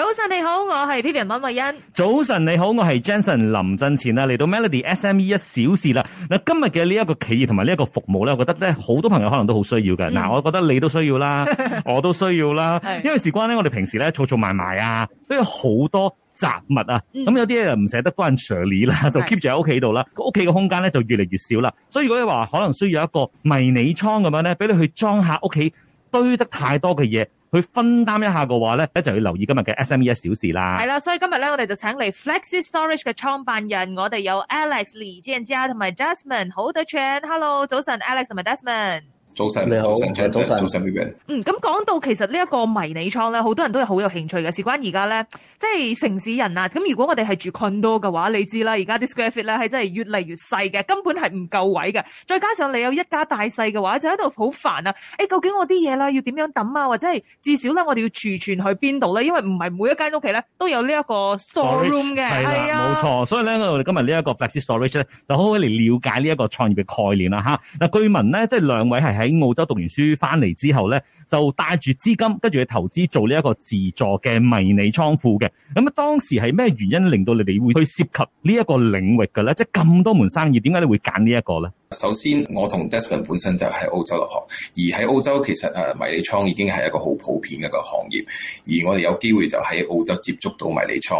早晨你好，我係 Pepi 文慧欣。早晨你好，我係 Jenson 林振前啊，嚟到 Melody SME 一小時啦。嗱、嗯，今日嘅呢一個企業同埋呢一個服務咧，我覺得咧好多朋友可能都好需要嘅。嗱、嗯，我覺得你都需要啦， 我都需要啦。是因為事關咧，我哋平時咧儲儲埋埋啊，都有好多雜物啊。咁、嗯嗯、有啲人唔捨得幫人 share 啦，就 keep 住喺屋企度啦。個屋企嘅空間咧就越嚟越，越少啦。所以如果你話可能需要一個迷你倉咁樣咧，俾你去裝下屋企堆得太多嘅嘢。去分擔一下嘅話，呢一就要留意今日嘅 SME 一小事時啦。係啦，所以今日呢，我哋就請嚟 Flexi Storage 嘅創辦人，我哋有 Alex 李志嘉同埋 Jasmine 侯德全。Hello，早晨 Alex 同埋 Justin。早晨，你好。早晨，早晨，B B。嗯，咁講到其實呢一個迷你倉咧，好多人都係好有興趣嘅。事關而家咧，即係城市人啊，咁如果我哋係住 condo 嘅話，你知啦，而家啲 square feet 咧係真係越嚟越細嘅，根本係唔夠位嘅。再加上你有一家大細嘅話，就喺度好煩啊！誒，究竟我啲嘢咧要點樣揼啊？或者係至少咧，我哋要儲存去邊度咧？因為唔係每一間屋企咧都有呢一個 store room 嘅，係啊的，冇錯。所以咧，我哋今日呢一個 Flexi Storage 咧，就好好嚟了解呢一個創業嘅概念啦嚇。嗱、啊，啊、據聞咧，即係兩位係喺。喺澳洲讀完書返嚟之後咧，就帶住資金跟住去投資做呢一個自助嘅迷你倉庫嘅。咁啊，當時係咩原因令到你哋會去涉及呢一個領域嘅咧？即係咁多門生意，點解你會揀呢一個咧？首先，我同 Desmond 本身就喺澳洲留學，而喺澳洲其實誒迷你倉已經係一個好普遍嘅個行業，而我哋有機會就喺澳洲接觸到迷你倉，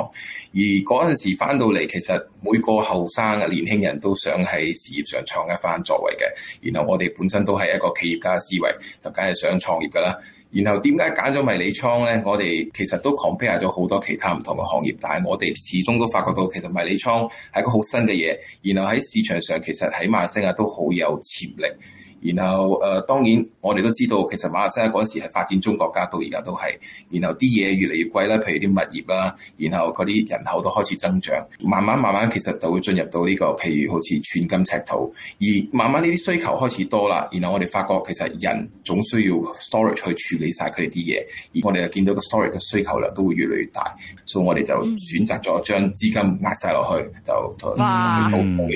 而嗰陣時翻到嚟，其實每個後生嘅年輕人都想喺事業上創一番作為嘅，然後我哋本身都係一個企業家思維，就梗係想創業㗎啦。然後點解揀咗迷你倉咧？我哋其實都 compare 咗好多其他唔同嘅行業，但係我哋始終都發覺到其實迷你倉係一個好新嘅嘢。然後喺市場上其實喺馬星啊都好有潛力。然後誒、呃、當然，我哋都知道其實馬來西亞嗰陣時係發展中國家，到而家都係。然後啲嘢越嚟越貴啦，譬如啲物業啦。然後嗰啲人口都開始增長，慢慢慢慢其實就會進入到呢、這個譬如好似寸金尺土。而慢慢呢啲需求開始多啦。然後我哋發覺其實人總需要 storage 去處理晒佢哋啲嘢，而我哋又見到個 storage 嘅需求量都會越嚟越大，所以我哋就選擇咗將資金壓晒落去，就到到呢步啦。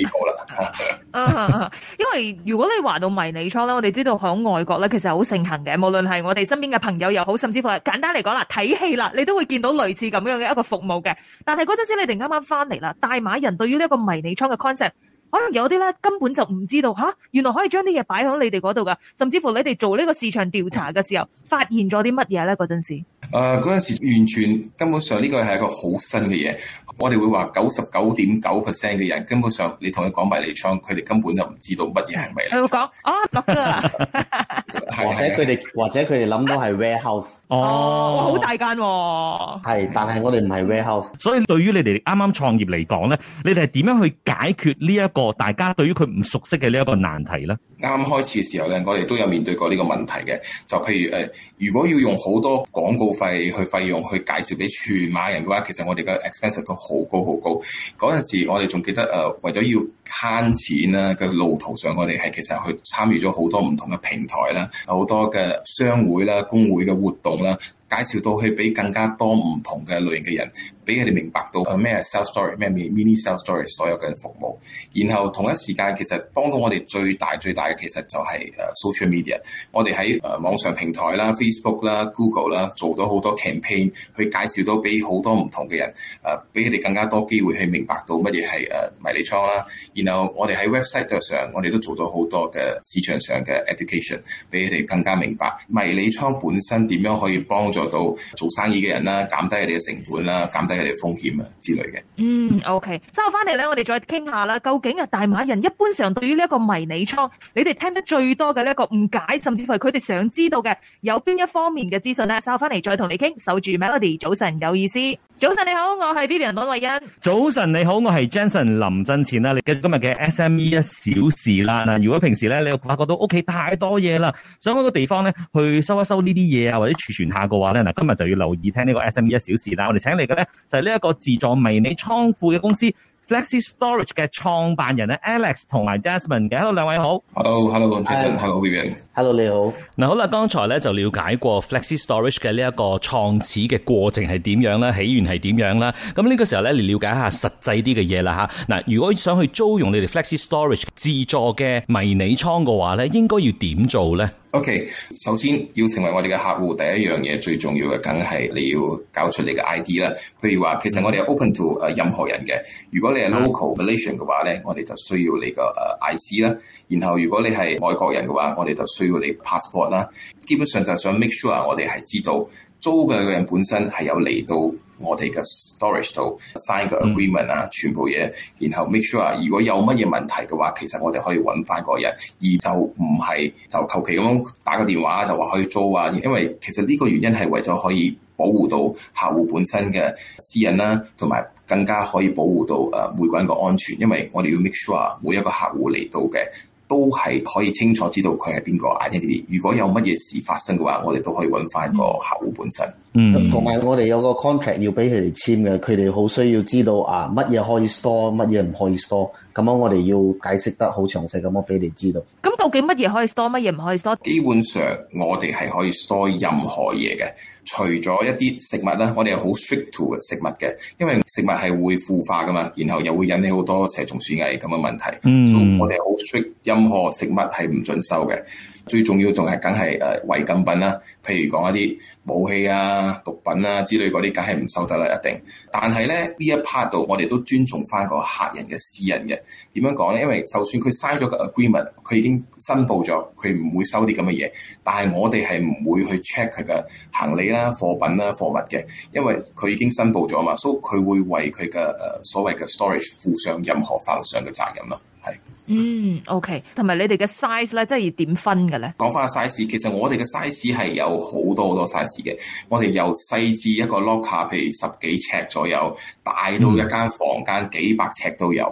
因為如果你話到米。迷你倉啦，我哋知道喺外國咧，其實好盛行嘅。無論係我哋身邊嘅朋友又好，甚至乎係簡單嚟講啦，睇戲啦，你都會見到類似咁樣嘅一個服務嘅。但係嗰陣時你哋啱啱翻嚟啦，大馬人對於呢一個迷你倉嘅 concept。可能有啲咧根本就唔知道吓、啊，原來可以將啲嘢擺喺你哋嗰度噶，甚至乎你哋做呢個市場調查嘅時候，發現咗啲乜嘢咧？嗰陣時、呃，誒嗰陣時完全根本上呢個係一個好新嘅嘢，我哋會話九十九點九 percent 嘅人根本上你，你同佢講迷你倉，佢哋根本就唔知道乜嘢係迷你。你、呃。我講，哦，樂哥啊。 或者佢哋 或者佢哋諗到係 warehouse 哦，嗯、哦，好大間，哦，係，但係我哋唔係 warehouse，所以對於你哋啱啱創業嚟講咧，你哋係點樣去解決呢一個大家對於佢唔熟悉嘅呢一個難題咧？啱開始嘅時候咧，我哋都有面對過呢個問題嘅，就譬如誒、呃，如果要用好多廣告費去費用去介紹俾全馬人嘅話，其實我哋嘅 expense 都好高好高。嗰陣時我哋仲記得誒、呃，為咗要慳錢啦，嘅路途上我哋係其實去參與咗好多唔同嘅平台咧。好多嘅商會啦、工會嘅活動啦。介紹到去俾更加多唔同嘅類型嘅人，俾佢哋明白到誒咩 self story，咩 mini self story，所有嘅服務，然後同一時間其實幫到我哋最大最大嘅其實就係誒 social media，我哋喺誒網上平台啦、Facebook 啦、Google 啦，做到好多 campaign 去介紹到俾好多唔同嘅人，誒俾佢哋更加多機會去明白到乜嘢係誒迷你倉啦。然後我哋喺 website 上，我哋都做咗好多嘅市場上嘅 education，俾佢哋更加明白迷你倉本身點樣可以幫助。到做生意嘅人啦，減低你哋嘅成本啦，減低你哋嘅風險啊之類嘅。嗯，OK，稍後翻嚟咧，我哋再傾下啦。究竟啊，大馬人一般上對於呢一個迷你倉，你哋聽得最多嘅呢一個誤解，甚至乎係佢哋想知道嘅有邊一方面嘅資訊咧？稍後翻嚟再同你傾。守住 Melody，早晨有意思。早晨你好，我係 Vivian 梁慧欣。早晨你好，我係 Jenson 林振前啦。嚟緊今日嘅 SME 一小時啦。嗱，如果平時咧你又發覺到屋企太多嘢啦，想揾個地方咧去收一收呢啲嘢啊，或者儲存下嘅話，嗱，今日就要留意聽呢個 SME 一小時啦。我哋請嚟嘅咧就係呢一個自助迷你倉庫嘅公司 Flexi Storage 嘅創辦人咧 Alex 同埋 Jasmine 嘅。Hello 兩位好。Hello，Hello，Alex，Hello，Vivian。Hello 你好。嗱好啦，剛才咧就了解過 Flexi Storage 嘅呢一個創始嘅過程係點樣啦，起源係點樣啦。咁呢個時候咧嚟了解一下實際啲嘅嘢啦吓。嗱，如果想去租用你哋 Flexi Storage 自助嘅迷你倉嘅話咧，應該要點做咧？OK，首先要成為我哋嘅客戶，第一樣嘢最重要嘅，梗係你要搞出你嘅 ID 啦。譬如話，其實我哋係 open to 誒任何人嘅。如果你係 local Malaysian 嘅話咧，我哋就需要你個誒 IC 啦。然後如果你係外國人嘅話，我哋就需要你 passport 啦。基本上就想 make sure 我哋係知道租嘅人本身係有嚟到。我哋嘅 storage 度 sign 個 agreement 啊，全部嘢，然後 make sure 如果有乜嘢問題嘅話，其實我哋可以揾翻個人，而就唔係就求其咁樣打個電話就話可以租啊。因為其實呢個原因係為咗可以保護到客戶本身嘅私隱啦，同埋更加可以保護到誒每個人嘅安全。因為我哋要 make sure 每一個客戶嚟到嘅都係可以清楚知道佢係邊個啊！呢啲、mm hmm. 如果有乜嘢事發生嘅話，我哋都可以揾翻個客戶本身。嗯，同埋我哋有個 contract 要俾佢哋簽嘅，佢哋好需要知道啊乜嘢可以 store，乜嘢唔可以 store。咁樣我哋要解釋得好詳細，咁樣俾你知道。咁究竟乜嘢可以 store，乜嘢唔可以 store？基本上我哋係可以 store 任何嘢嘅，除咗一啲食物咧，我哋係好 strict to 食物嘅，因為食物係會腐化噶嘛，然後又會引起好多蛇蟲鼠蟻咁嘅問題。嗯，so, 我哋好 strict 任何食物係唔準收嘅。最重要仲係梗係誒違禁品啦，譬如講一啲武器啊、毒品啊之類嗰啲，梗係唔收得啦，一定。但係咧呢一 part 度，我哋都尊重翻個客人嘅私隱嘅。點樣講咧？因為就算佢嘥咗個 agreement，佢已經申報咗，佢唔會收啲咁嘅嘢。但係我哋係唔會去 check 佢嘅行李啦、啊、貨品啦、啊、貨物嘅，因為佢已經申報咗嘛，所以佢會為佢嘅誒所謂嘅 storage 負上任何法律上嘅責任咯，係。嗯，OK，同埋你哋嘅 size 咧，即係要點分嘅咧？講翻個 size，其實我哋嘅 size 係有好多好多 size 嘅。我哋由細至一個 locker，譬如十幾尺左右，大到一間房間幾百尺都有。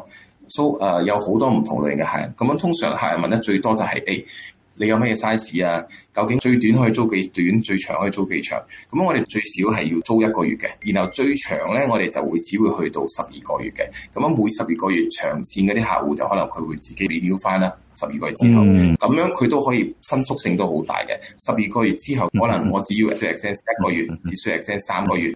So，誒、uh,，有好多唔同類型嘅客人，咁樣通常客人問得最多就係、是、誒、欸，你有咩 size 啊？究竟最短可以租幾短，最長可以租幾長？咁我哋最少係要租一個月嘅，然後最長咧，我哋就會只會去到十二個月嘅。咁樣每十二個月長線嗰啲客戶，就可能佢會自己連了翻啦。十二個月之後，咁、嗯、樣佢都可以伸縮性都好大嘅。十二個月之後，可能我只要租一個月，嗯、只需要租三個月。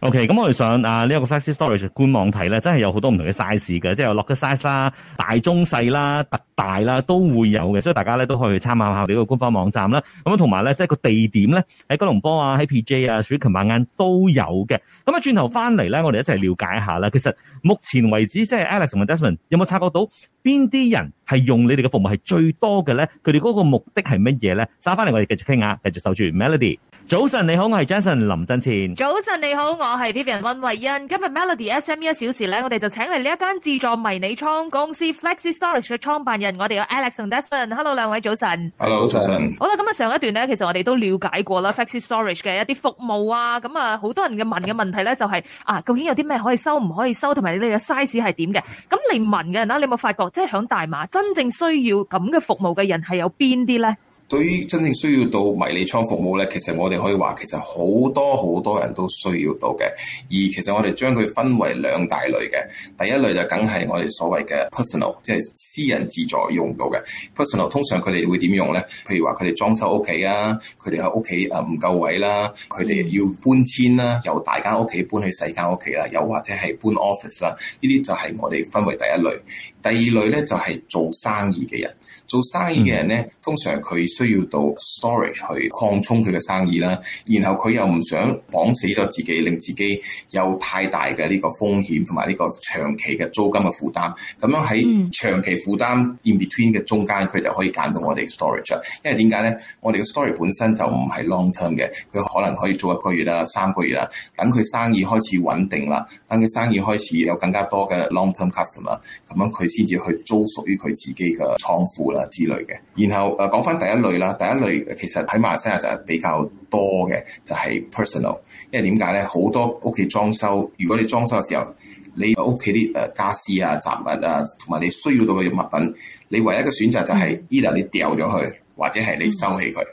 OK，咁我哋上啊呢個 Flexi Storage 官網睇咧，真係有好多唔同嘅 size 嘅，即係 locker size 啦、大中細啦、特大啦，都會有嘅。所以大家咧都可以去參考下呢個官方網站啦。咁啊，同埋咧，即係個地點咧，喺吉隆坡啊，喺 PJ 啊，雪琴馬眼都有嘅。咁啊，轉頭翻嚟咧，我哋一齊了解下啦。其實目前為止，即係 Alex 同埋 Desmond 有冇察覺到邊啲人係用你哋嘅服務係最多嘅咧？佢哋嗰個目的係乜嘢咧？稍翻嚟，我哋繼續傾下。繼續守住 Melody。Mel 早晨，你好，我係 Jason 林振前。早晨，你好，我係 Vivian 溫慧欣。今日 Melody S M E 一小時咧，我哋就請嚟呢一間自助迷你倉公司 Flexi Storage 嘅創辦人，我哋有 Alex 同 Desmond。Hello，兩位早晨。Hello，早晨。好啦，咁啊，上一段咧，其實我哋都了解過啦，Flexi Storage 嘅一啲服務啊，咁啊，好多人嘅問嘅問題咧，就係、是、啊，究竟有啲咩可以收唔可以收，同埋你哋嘅 size 係點嘅？咁嚟問嘅人啦，你有冇發覺，即係響大馬真正需要咁嘅服務嘅人係有邊啲咧？對於真正需要到迷你倉服務呢，其實我哋可以話，其實好多好多人都需要到嘅。而其實我哋將佢分為兩大類嘅，第一類就梗係我哋所謂嘅 personal，即係私人自助用到嘅 personal。通常佢哋會點用呢？譬如話佢哋裝修屋企啊，佢哋喺屋企誒唔夠位啦，佢哋要搬遷啦，由大間屋企搬去細間屋企啦，又或者係搬 office 啦，呢啲就係我哋分為第一類。第二類咧就係做生意嘅人，做生意嘅人咧通常佢需要到 storage 去擴充佢嘅生意啦，然後佢又唔想綁死咗自己，令自己有太大嘅呢個風險同埋呢個長期嘅租金嘅負擔，咁樣喺長期負擔 in between 嘅中間佢就可以揀到我哋嘅 storage。因為點解咧？我哋嘅 storage 本身就唔係 long term 嘅，佢可能可以做一個月啦、三個月啦，等佢生意開始穩定啦，等佢生意開始有更加多嘅 long term customer，咁樣佢。先至去租屬於佢自己嘅倉庫啦之類嘅，然後誒講翻第一類啦，第一類其實喺馬來西亞就係比較多嘅，就係 personal，因為點解咧？好多屋企裝修，如果你裝修嘅時候，你屋企啲誒傢俬啊、雜物啊，同埋你需要到嘅物品，你唯一嘅選擇就係 either 你掉咗佢，或者係你收起佢。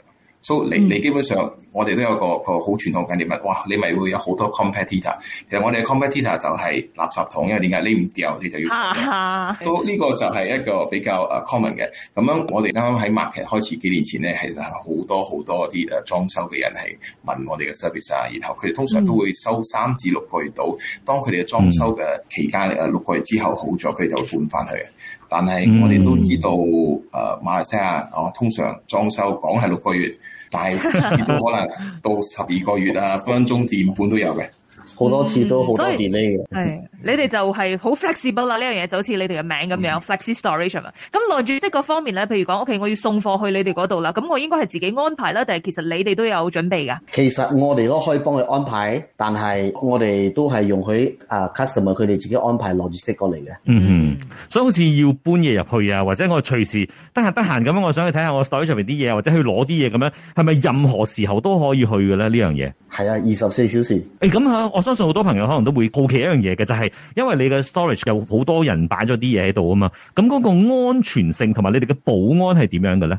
So，你你基本上，嗯、我哋都有個個好傳統概念物，哇！你咪會有好多 competitor。其實我哋嘅 competitor 就係垃圾桶，因為點解你唔掉，你就要收。呢、 so, 個就係一個比較誒 common 嘅。咁樣我哋啱啱喺 market 開始幾年前咧，係好多好多啲誒裝修嘅人係問我哋嘅 service 啊，然後佢哋通常都會收三至六個月到，當佢哋嘅裝修嘅期間誒六、嗯、個月之後好咗，佢哋就會搬翻去。但係我哋都知道，誒、嗯呃、馬來西亞哦、啊，通常裝修講係六個月，但係都可能到十二個月啊，分分鐘店滿都有嘅，好多次都好多 delay 嘅。你哋就係好 flexible 啦，呢樣嘢、嗯、就好似你哋嘅名咁樣，flexible storage 咁攞住息嗰方面咧，譬如講，OK，我要送貨去你哋嗰度啦，咁我應該係自己安排啦。定係其實你哋都有準備噶？其實我哋都可以幫佢安排，但係我哋都係容許啊 customer 佢哋自己安排攞住息過嚟嘅。嗯嗯，所以好似要搬嘢入去啊，或者我隨時得閒得閒咁樣，有空有空我想去睇下我 storage 上邊啲嘢，或者去攞啲嘢咁樣，係咪任何時候都可以去嘅咧？呢樣嘢係啊，二十四小時。誒咁嚇，我相信好多朋友可能都會好奇一樣嘢嘅，就係、是。因為你嘅 storage 有好多人擺咗啲嘢喺度啊嘛，咁嗰個安全性同埋你哋嘅保安係點樣嘅咧？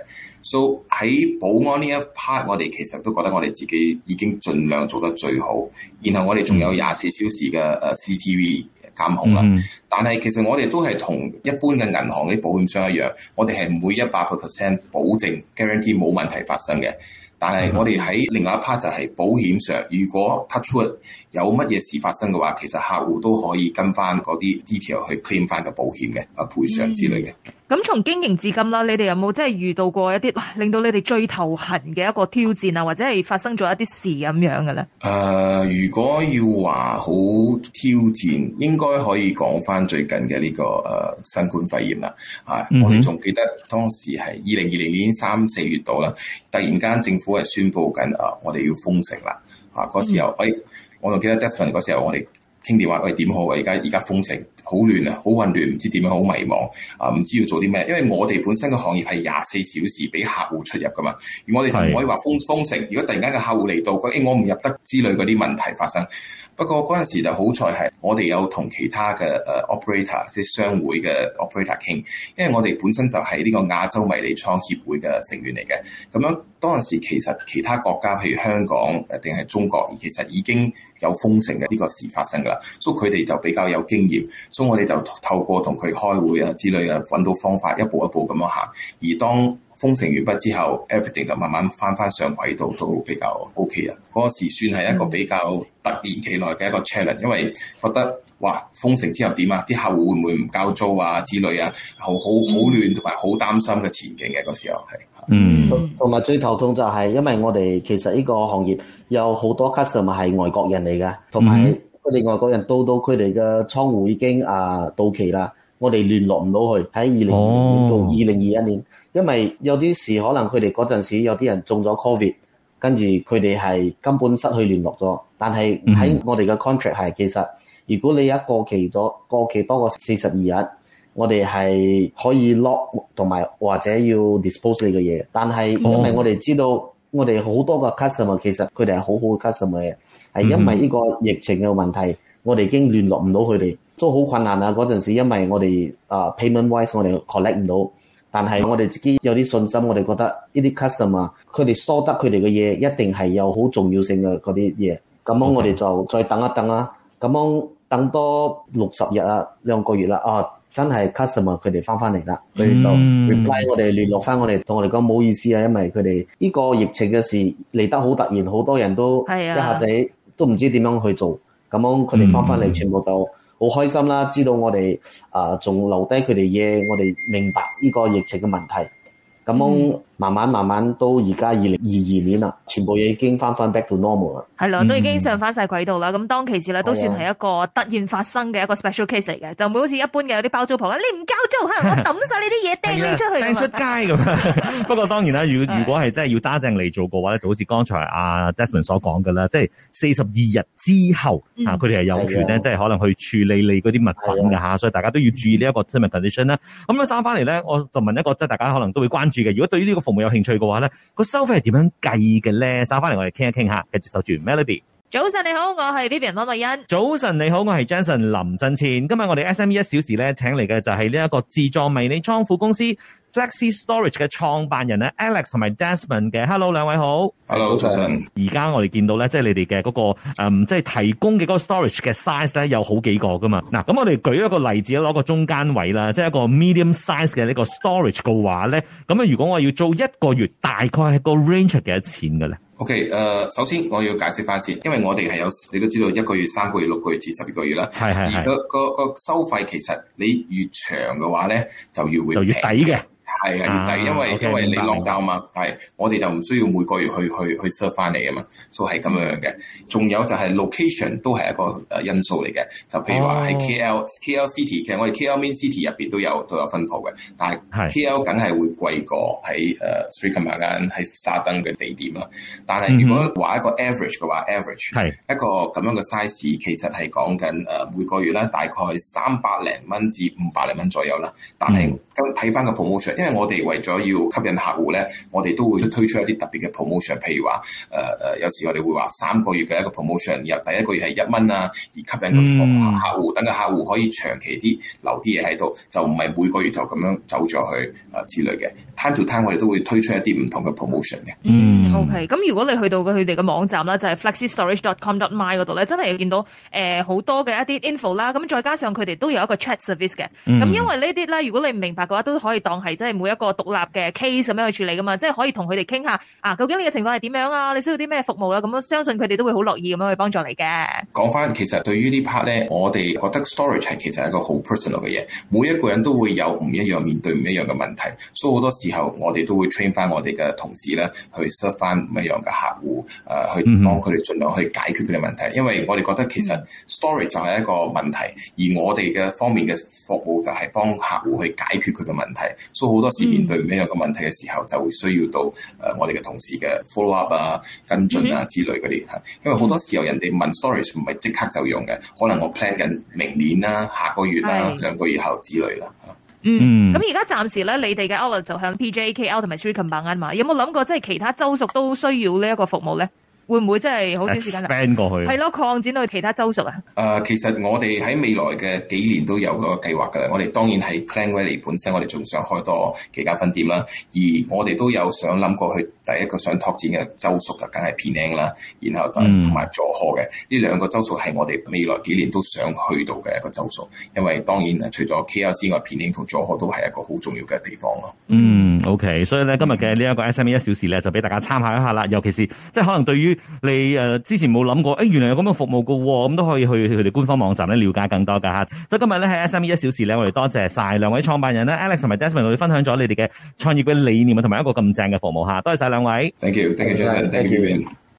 So 喺保安呢一 part，我哋其實都覺得我哋自己已經盡量做得最好。然後我哋仲有廿四小時嘅誒 C T V 監控啦。嗯、但係其實我哋都係同一般嘅銀行啲保險商一樣，我哋係唔會一百個 percent 保證 guarantee 冇問題發生嘅。但係我哋喺另外一 part 就係保險上，如果 touch wood 有乜嘢事發生嘅話，其實客戶都可以跟翻嗰啲 detail 去 claim 翻個保險嘅啊賠償之類嘅。嗯咁從經營至今啦，你哋有冇真係遇到過一啲令到你哋最頭痕嘅一個挑戰啊，或者係發生咗一啲事咁樣嘅咧？誒、呃，如果要話好挑戰，應該可以講翻最近嘅呢個誒新冠肺炎啦。啊、mm，hmm. 我哋仲記得當時係二零二零年三四月度啦，突然間政府係宣布緊誒，我哋要封城啦。啊，嗰時候誒、mm hmm. 欸，我仲記得 Desmond 嗰時候我哋。聽電話，喂，點好啊！而家而家封城，好亂啊，好混亂，唔知點樣，好迷茫啊！唔知要做啲咩，因為我哋本身嘅行業係廿四小時俾客戶出入噶嘛，而我哋就唔可以話封封城。如果突然間嘅客戶嚟到，誒、欸、我唔入得之類嗰啲問題發生。不過嗰陣時就好彩係我哋有同其他嘅誒 operator，即係商會嘅 operator 傾，因為我哋本身就係呢個亞洲迷你倉協會嘅成員嚟嘅。咁樣當陣時其實其他國家譬如香港定係中國，其實已經有封城嘅呢個事發生噶啦，所以佢哋就比較有經驗，所以我哋就透過同佢開會啊之類啊，揾到方法一步一步咁樣行。而當封城完畢之後，everything 就慢慢翻翻上軌道，都比較 OK 啊！嗰時算係一個比較突然其來嘅一個 challenge，因為覺得哇，封城之後點啊？啲客戶會唔會唔交租啊之類啊，好好好亂同埋好擔心嘅前景嘅嗰時候係。嗯，同埋最頭痛就係、是、因為我哋其實呢個行業有好多 customer 係外國人嚟嘅，同埋佢哋外國人到到佢哋嘅倉庫已經啊到期啦，我哋聯絡唔到佢喺二零二零到二零二一年。哦因為有啲事可能佢哋嗰陣時有啲人中咗 COVID，跟住佢哋係根本失去聯絡咗。但係喺我哋嘅 contract 係，其實如果你一過期咗，過期多過四十二日，我哋係可以 lock 同埋或者要 dispose 你嘅嘢。但係因為我哋知道，我哋好多個 customer 其實佢哋係好好嘅 customer 嘅，係因為呢個疫情嘅問題，我哋已經聯絡唔到佢哋，都好困難啊！嗰陣時因為我哋啊 payment wise 我哋 collect 唔到。但係我哋自己有啲信心，我哋覺得呢啲 customer 佢哋疏得佢哋嘅嘢一定係有好重要性嘅嗰啲嘢。咁樣我哋就再等一等啦、啊。咁 Okay. 樣等多六十日啦，兩個月啦。啊，真係 customer 佢哋翻翻嚟啦，佢哋就 reply 我哋，聯絡翻我哋，同我哋講唔好意思啊，因為佢哋呢個疫情嘅事嚟得好突然，好多人都一下子都唔知點樣去做。咁 Yeah. 樣佢哋翻翻嚟，mm hmm. 全部就～好開心啦！知道我哋啊，仲留低佢哋嘢，我哋明白呢個疫情嘅問題，咁慢慢慢慢到而家二零二二年啦，全部嘢已經翻翻 back to normal 啦。係咯，都已經上翻晒軌道啦。咁當其時咧，都算係一個突然發生嘅一個 special case 嚟嘅，就唔會好似一般嘅有啲包租婆啊，你唔交租，可能我抌晒呢啲嘢掟你出去，掟出街咁樣。不過當然啦，如如果係真係要揸正嚟做嘅話咧，就好似剛才阿 Desmond 所講嘅啦，即係四十二日之後啊，佢哋係有權咧，即係可能去處理你嗰啲物品㗎吓，所以大家都要注意呢一個 termination 咁啊，收翻嚟咧，我就問一個即係大家可能都會關注嘅，如果對於呢個有冇有興趣嘅話咧，個收費係點樣計嘅咧？稍翻嚟我哋傾一傾吓，跟住守住 Melody。早晨你好，我係 Beverly 方慧欣。早晨你好，我係 Jason 林振前。今日我哋 SME 一小時咧，請嚟嘅就係呢一個自助迷你倉庫公司。Flexi Storage 嘅創辦人咧，Alex 同埋 Desmond 嘅，Hello 兩位好，Hello 早晨，而家我哋見到咧，即係你哋嘅嗰個，即、嗯、係、就是、提供嘅嗰個 storage 嘅 size 咧，有好幾個噶嘛。嗱，咁我哋舉一個例子，攞個中間位啦，即係一個 medium size 嘅呢個 storage 嘅話咧，咁啊，如果我要做一個月，大概係個 range 幾多錢嘅咧？OK，誒、uh,，首先我要解釋翻先，因為我哋係有，你都知道一個月、三個月、六個月至十二個月啦，係係係。而個個收費其實你越長嘅話咧，就越會就越抵嘅。係啊，因為因為你落到嘛，係我哋就唔需要每個月去去去 serve 翻嚟啊嘛，所以係咁樣嘅。仲有就係 location 都係一個誒因素嚟嘅。就譬如話喺 KL KL City，其實我哋 KL Main City 入邊都有都有分鋪嘅，但係 KL 梗係會貴過喺誒 Seri Kembangan 喺沙登嘅地點啦。但係如果話一個 average 嘅話、嗯、哼，average 係的一個咁樣嘅 size，其實係講緊誒每個月咧大概三百零蚊至五百零蚊左右啦。但係咁睇翻個 promotion，因為我哋為咗要吸引客戶咧，我哋都會推出一啲特別嘅 promotion，譬如話誒誒，有時我哋會話三個月嘅一個 promotion，入第一個月係一蚊啊，而吸引個客戶，等個客戶可以長期啲留啲嘢喺度，就唔係每個月就咁樣走咗去啊、呃、之類嘅。Time to time 我哋都會推出一啲唔同嘅 promotion 嘅。嗯，OK，咁如果你去到佢哋嘅網站啦，就係、是、flexi storage dot com dot my 嗰度咧，真係要見到誒好、呃、多嘅一啲 info 啦，咁再加上佢哋都有一個 chat service 嘅，咁因為呢啲咧，如果你唔明白嘅話，都可以當係真係。每一個獨立嘅 case 咁樣去處理噶嘛，即係可以同佢哋傾下啊，究竟你嘅情況係點樣啊？你需要啲咩服務啊，咁樣相信佢哋都會好樂意咁樣去幫助你嘅。講翻，其實對於呢 part 咧，我哋覺得 storage 係其實一個好 personal 嘅嘢，每一個人都會有唔一樣，面對唔一樣嘅問題，所以好多時候我哋都會 train 翻我哋嘅同事咧，去 serve 翻唔一樣嘅客戶，誒，去幫佢哋盡量去解決佢哋問題。因為我哋覺得其實 storage 就係一個問題，而我哋嘅方面嘅服務就係幫客戶去解決佢嘅問題，所以好多。是、嗯、面對呢一個問題嘅時候，就會需要到誒我哋嘅同事嘅 follow up 啊、跟進啊之類嘅聯、嗯、因為好多時候人哋問 stories 唔係即刻就用嘅，可能我 plan 緊明年啦、啊、下個月啦、啊、兩、嗯、個月後之類啦。嗯，咁而家暫時咧，你哋嘅 order 就向 P J K L 同埋 Seremban 啊嘛，有冇諗過即係其他州屬都需要呢一個服務咧？會唔會真係好短時間去？係咯，擴展到其他州屬啊！誒，其實我哋喺未來嘅幾年都有個計劃噶。我哋當然係 Klang Valley 本身，我哋仲想開多幾間分店啦。而我哋都有想諗過，去第一個想拓展嘅州屬啊，梗係 Penang 啦，然後就同埋 Johor 嘅呢兩個州屬，係我哋未來幾年都想去到嘅一個州屬。因為當然除咗 KL 之外，Penang 同 Johor 都係一個好重要嘅地方咯。嗯，OK，所以咧今日嘅呢一個 SME 一小時咧，就俾大家參考一下啦。尤其是即係可能對於你誒之前冇諗過，誒、欸、原來有咁嘅服務㗎喎，哦，咁都可以去佢哋官方網站咧瞭解更多㗎吓。所以今日咧喺 SME 一小時咧，我哋多謝晒兩位創辦人咧，Alex 同埋 Desmond 同你分享咗你哋嘅創業嘅理念啊，同埋一個咁正嘅服務嚇，多謝晒兩位。Thank you, thank you,、Joseph. thank you,